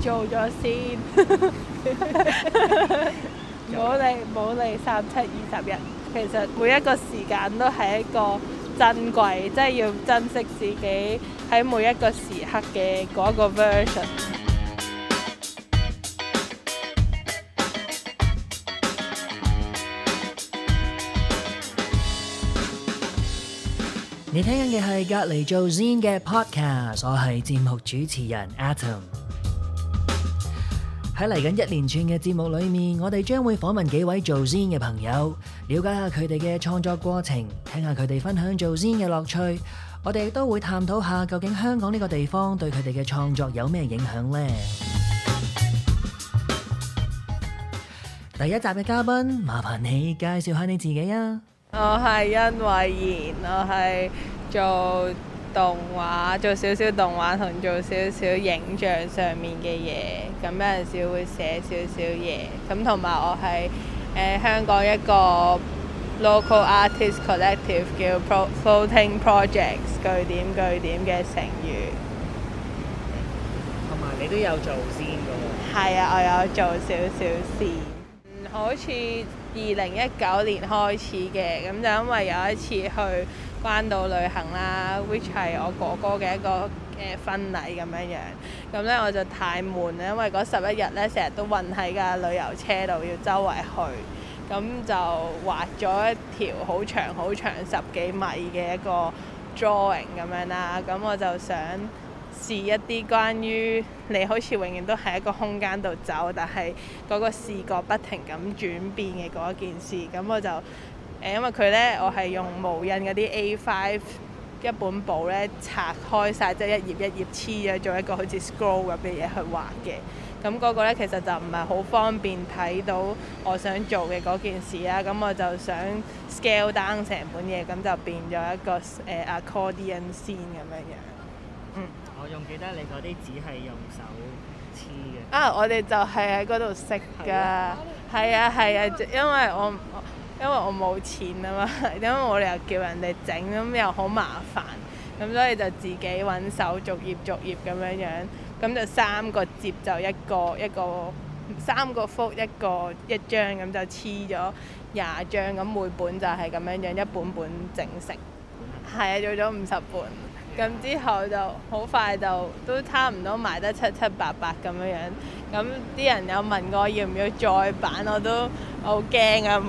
做咗先， 冇理冇理三七二十日，其實每一個時間都係一個珍貴，即係要珍惜自己喺每一個時刻嘅嗰個 version。 你聽緊嘅係隔離做 Zine 嘅 Podcast，我係節目主持人 Atom。喺嚟緊一連串嘅節目裏面，我哋將會訪問幾位做 zine 嘅朋友，了解下佢哋嘅創作過程，聽下佢哋分享做 zine 嘅樂趣。我哋都會探討下究竟香港呢個地方對佢哋嘅創作有咩影響呢？ 第一集嘅嘉賓，麻煩你介紹下你自己啊。我係忻慧姸，我係做。動畫，做少少動畫、同做少少影像上面嘅嘢，咁有陣時會寫少少嘢，咁同埋我係誒、呃、香港一個 local artist collective 叫 pro, floating projects 據點。句點嘅成員。同埋你都有做先㗎？係啊，我有做少少事，好似二零一九年開始嘅，咁就因為有一次去關島旅行啦，which 係我哥哥嘅一個誒婚禮咁樣樣，咁咧我就太悶啦，因為嗰十一日咧成日都暈喺架旅遊車度，要周圍去，咁就畫咗一條好長好長十幾米嘅一個 drawing 咁樣啦，咁我就想試一啲關於你好似永遠都喺一個空間度走，但係嗰個視覺不停咁轉變嘅嗰件事，咁我就。誒，因為佢咧，我係用無印嗰啲 A5 一本簿咧，拆開晒，即係一頁一頁黐咗，做一個好似 scroll 入邊嘢去畫嘅。咁、嗯、嗰、那個咧，其實就唔係好方便睇到我想做嘅嗰件事啦。咁我就想 scale down 成本嘢，咁就變咗一個誒、呃、accordion 先咁樣樣、嗯。我仲記得你嗰啲紙係用手黐嘅。啊！我哋就係喺嗰度識㗎，係啊係啊，啊，啊，因為我。我因為我冇錢啊嘛，因為我哋又叫人哋整，咁又好麻煩，咁所以就自己揾手逐頁逐頁咁樣樣，咁就三個折就一個一個三個幅一個一張，咁就黐咗廿張，咁每本就係咁樣樣一本本整成。係啊，做咗五十本，咁之後就好快就都差唔多賣得七七八八咁樣樣，咁啲人有問過我要唔要再版，我都好驚啊！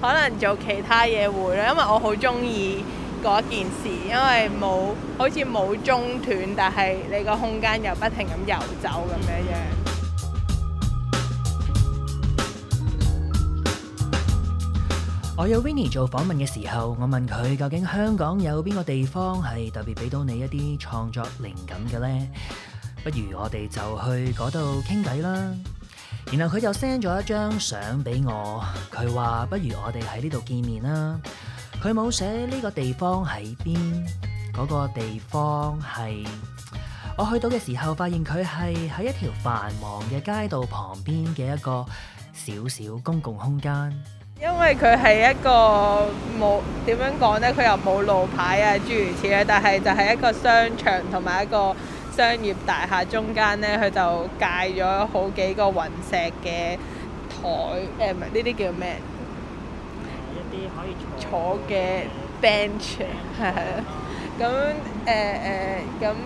可能做其他嘢會啦，因為我好鍾意嗰件事，因為冇好似冇中斷，但係你個空間又不停噉遊走噉樣樣。我有 Winnie 做訪問嘅時候，我問佢究竟香港有邊個地方係特別畀到你一啲創作靈感嘅呢？不如我哋就去嗰度傾偈啦。然後佢就 send 咗一張相俾我，佢話不如我哋喺呢度見面啦。佢冇寫呢個地方喺邊，嗰個地方係我去到嘅時候，發現佢係喺一條繁忙嘅街道旁邊嘅一個小小公共空間。因為佢係一個冇點樣講呢，佢又冇路牌啊諸如此類，但係就係一個商場同埋一個。商業大廈中間呢，佢就界咗好幾個雲石嘅台，誒唔係呢啲叫咩？有啲可以坐嘅 bench，係係。咁誒誒，咁的、嗯嗯嗯嗯、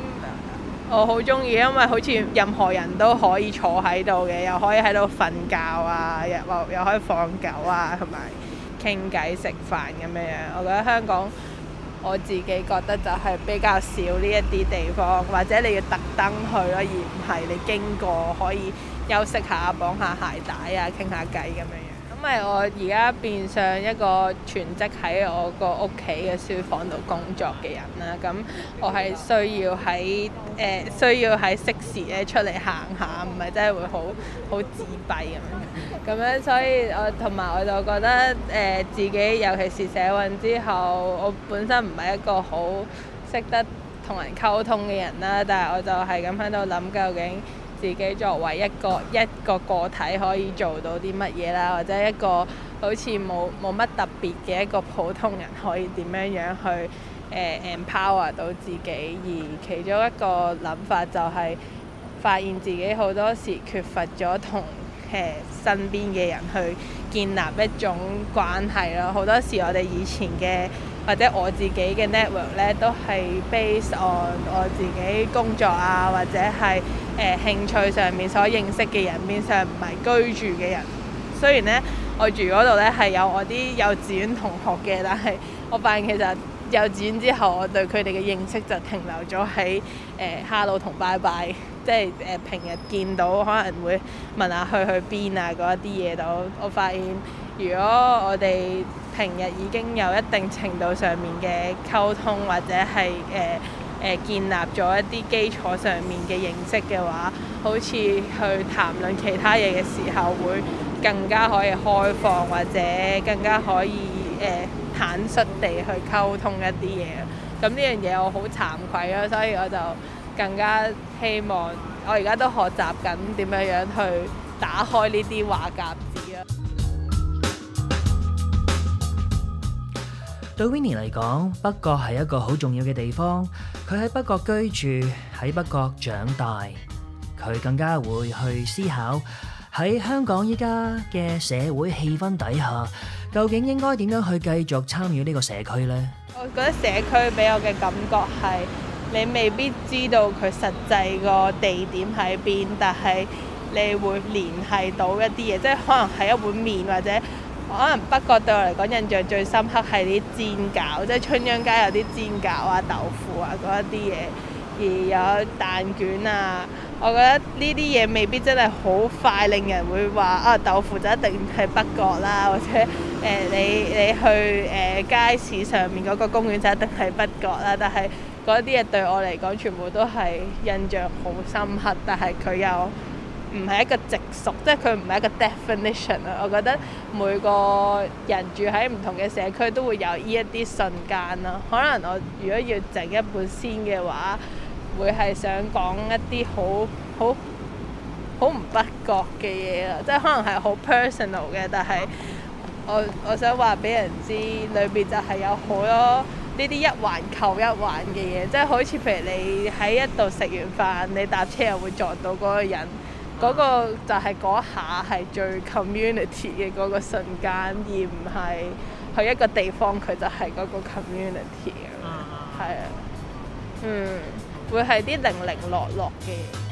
我好中意，因為好似任何人都可以坐喺度嘅，又可以喺度瞓覺啊，又又可以放狗啊，同埋傾偈食飯咁樣樣。我覺得香港。我自己覺得就係比較少呢一啲地方，或者你要特登去咯，而唔係你經過可以休息下、綁下鞋帶啊、傾下偈咁樣。因為我而家變相一個全職喺我個屋企嘅書房度工作嘅人啦，咁我係需要喺誒、呃、需要喺適時咧出嚟行下，唔係真係會好好自閉咁樣。咁樣所以我同埋我就覺得誒、呃、自己，尤其是社運之後，我本身唔係一個好識得同人溝通嘅人啦，但係我就係咁喺度諗究竟。自己作為一個一個個體可以做到啲乜嘢啦，或者一個好似冇冇乜特別嘅一個普通人可以點樣樣去誒、呃、empower 到自己。而其中一個諗法就係、是、發現自己好多時缺乏咗同誒身邊嘅人去建立一種關係咯。好多時我哋以前嘅或者我自己嘅 network 咧，都係 based on 我自己工作啊，或者係。誒、呃、興趣上面所認識嘅人，面上唔係居住嘅人。雖然呢，我住嗰度呢係有我啲幼稚園同學嘅，但係我發現其實幼稚園之後，我對佢哋嘅認識就停留咗喺誒哈囉同拜拜，即係誒平日見到可能會問下去去邊啊嗰一啲嘢度。我發現如果我哋平日已經有一定程度上面嘅溝通，或者係誒。呃呃、建立咗一啲基礎上面嘅認識嘅話，好似去談論其他嘢嘅時候，會更加可以開放，或者更加可以、呃、坦率地去溝通一啲嘢。咁、嗯、呢樣嘢我好慚愧啊，所以我就更加希望我而家都學習緊點樣樣去打開呢啲話匣子啊！對 Winnie 嚟講，北角係一個好重要嘅地方。佢喺北角居住，喺北角長大，佢更加會去思考喺香港依家嘅社會氣氛底下，究竟應該點樣去繼續參與呢個社區呢？我覺得社區俾我嘅感覺係你未必知道佢實際個地點喺邊，但係你會聯繫到一啲嘢，即係可能係一碗麵或者。可能北角對我嚟講印象最深刻係啲煎餃，即係春秧街有啲煎餃啊、豆腐啊嗰一啲嘢，而有蛋卷啊。我覺得呢啲嘢未必真係好快令人會話啊，豆腐就一定係北角啦，或者誒、呃、你你去誒、呃、街市上面嗰個公園就一定係北角啦。但係嗰啲嘢對我嚟講全部都係印象好深刻，但係佢又，唔係一個直屬，即係佢唔係一個 definition 啊！我覺得每個人住喺唔同嘅社區都會有呢一啲瞬間啦。可能我如果要整一本先嘅話，會係想講一啲好好好唔不覺嘅嘢啦，即係可能係好 personal 嘅，但係我我想話俾人知，裏邊就係有好多呢啲一環扣一環嘅嘢，即係好似譬如你喺一度食完飯，你搭車又會撞到嗰個人。嗰個就係嗰下係最 community 嘅嗰個瞬間，而唔係去一個地方，佢就係嗰個 community 啊，係啊，嗯，會係啲零零落落嘅。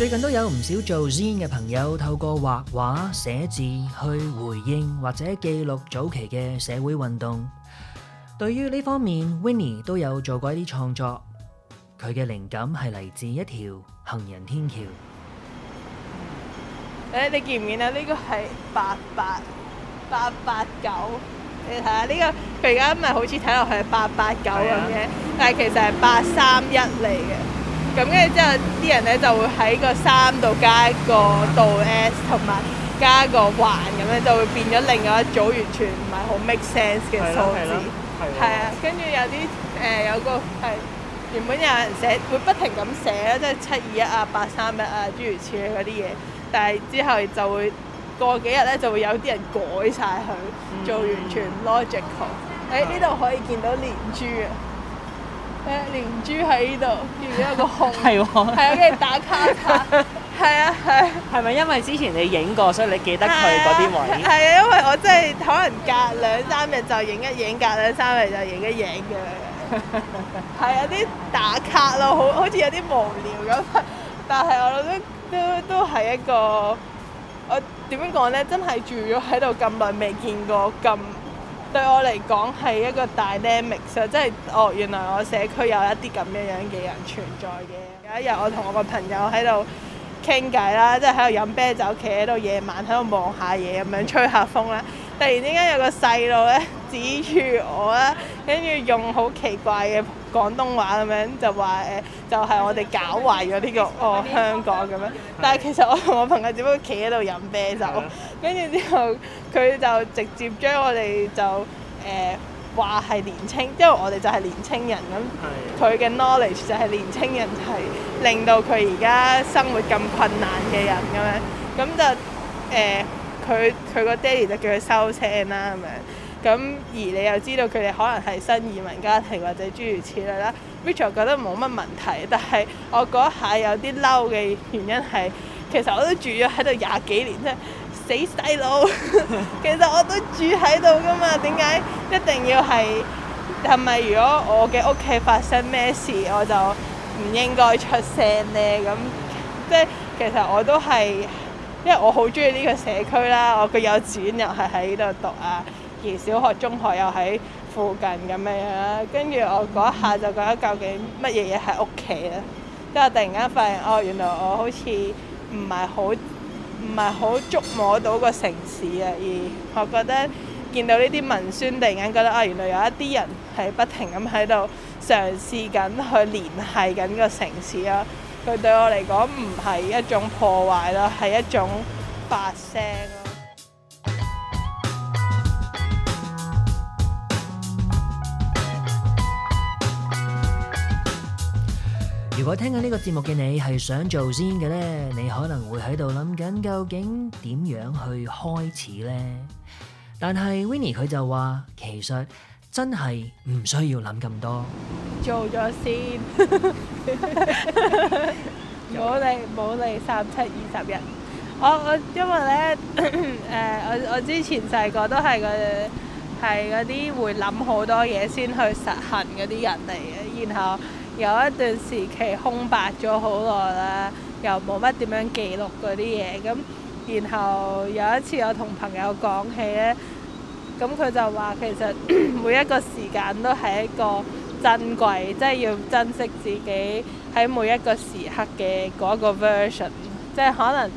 最近都有唔少做 zine 嘅朋友透過畫畫寫字去回應或者記錄早期嘅社會運動。對於呢方面，Winnie 都有做過一啲創作。佢嘅靈感係嚟自一條行人天橋。誒、欸，你見唔見啊？呢、這個係八八八八九。你睇下呢個，佢而家唔係好似睇落去係八八九咁嘅，但係其實係八三一嚟嘅。咁跟住之後，啲人咧就會喺個三度加一個度 S，同埋、嗯、加一個環咁咧，就會變咗另外一組完全唔係好 make sense 嘅數字。係啊，跟住有啲誒、呃、有個係原本有人寫，會不停咁寫啦，即係七二一啊、八三一啊諸如此類嗰啲嘢。但係之後就會過幾日咧，就會有啲人改晒佢，嗯、做完全 logical、嗯。喺呢度可以見到連珠啊！誒連珠喺呢度，見到有個空，係喎，係啊，跟住打卡，係啊，係。係咪因為之前你影過，所以你記得佢嗰邊位？係啊，因為我真係可能隔兩三日就影一影，隔兩三日就影一影嘅。係啊，啲打卡咯，好好似有啲無聊咁，但係我都都都係一個，我點樣講咧？真係住咗喺度咁耐，未見過咁。對我嚟講係一個 dynamic，即係哦原來我社區有一啲咁樣樣嘅人存在嘅。有一日我同我個朋友喺度傾偈啦，即係喺度飲啤酒，企喺度夜晚喺度望下嘢咁樣吹下風啦。突然之間有個細路咧指住我啦，跟住用好奇怪嘅廣東話咁樣就話誒，就係、呃就是、我哋搞壞咗呢個哦香港咁樣。但係其實我同我朋友只不過企喺度飲啤酒。跟住之後，佢就直接將我哋就誒話係年青，因為我哋就係年青人咁，佢嘅 knowledge 就係年青人，就係令到佢而家生活咁困難嘅人咁樣咁就誒，佢、呃、佢個爹哋就叫佢收聲啦咁樣咁，而你又知道佢哋可能係新移民家庭或者諸如此類啦。Richard 覺得冇乜問題，但係我嗰下有啲嬲嘅原因係，其實我都住咗喺度廿幾年啫。死細路，其實我都住喺度噶嘛，點解一定要係，係咪如果我嘅屋企發生咩事，我就唔應該出聲呢？咁即係其實我都係，因為我好中意呢個社區啦，我個幼稚園又係喺度讀啊，而小學、中學又喺附近咁樣啦。跟住我嗰下就覺得究竟乜嘢嘢係屋企啊？之後突然間發現，哦，原來我好似唔係好。唔係好觸摸到個城市啊，而我覺得見到呢啲文宣，突然間覺得啊、哦，原來有一啲人係不停咁喺度嘗試緊去聯繫緊個城市啊，佢對我嚟講唔係一種破壞啦，係一種發聲。如果聽緊呢個節目嘅你係想做先嘅咧，你可能會喺度諗緊究竟點樣去開始咧？但係 Winnie 佢就話，其實真係唔需要諗咁多，做咗先，冇理冇理，三七二十日。我我因為咧誒， 我我之前細個都係係嗰啲會諗好多嘢先去實行嗰啲人嚟嘅，然後。有一段時期空白咗好耐啦，又冇乜點樣記錄嗰啲嘢咁。然後有一次我同朋友講起呢，咁佢就話其實每一個時間都係一個珍貴，即係要珍惜自己喺每一個時刻嘅嗰個 version。即係可能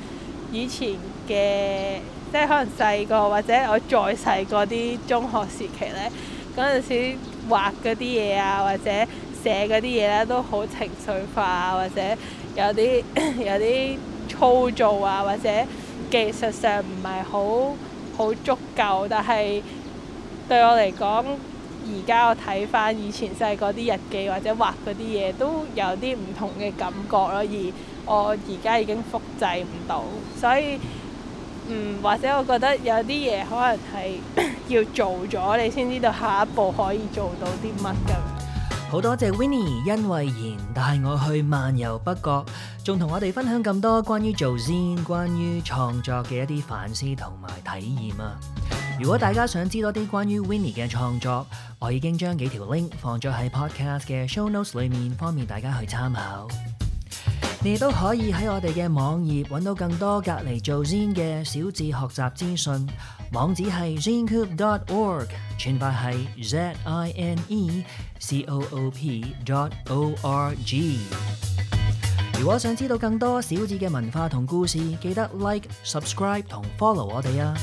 以前嘅，即係可能細個或者我再細個啲中學時期呢，嗰陣時畫嗰啲嘢啊，或者～寫嗰啲嘢咧都好情緒化，或者有啲 有啲粗糙啊，或者技術上唔係好好足夠，但係對我嚟講，而家我睇翻以前細個啲日記或者畫嗰啲嘢，都有啲唔同嘅感覺咯。而我而家已經複製唔到，所以嗯，或者我覺得有啲嘢可能係要做咗，你先知道下一步可以做到啲乜咁。好多謝 Winnie 忻慧姸帶我去漫遊北角，仲同我哋分享咁多關於做 zine、關於創作嘅一啲反思同埋體驗啊！如果大家想知多啲關於 Winnie 嘅創作，我已經將幾條 link 放咗喺 podcast 嘅 show notes 裏面，方便大家去參考。你都可以喺我哋嘅網頁揾到更多隔離做 Zine 嘅小誌學習資訊，網址係 zinecoop.org，全發係 z i n e c o o p dot o r g。如果想知道更多小誌嘅文化同故事，記得 Like、Subscribe 同 Follow 我哋啊！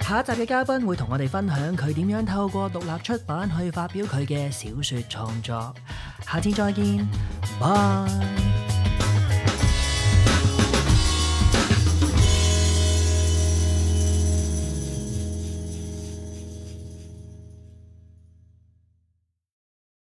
下一集嘅嘉賓會同我哋分享佢點樣透過獨立出版去發表佢嘅小說創作。下次再見，Bye。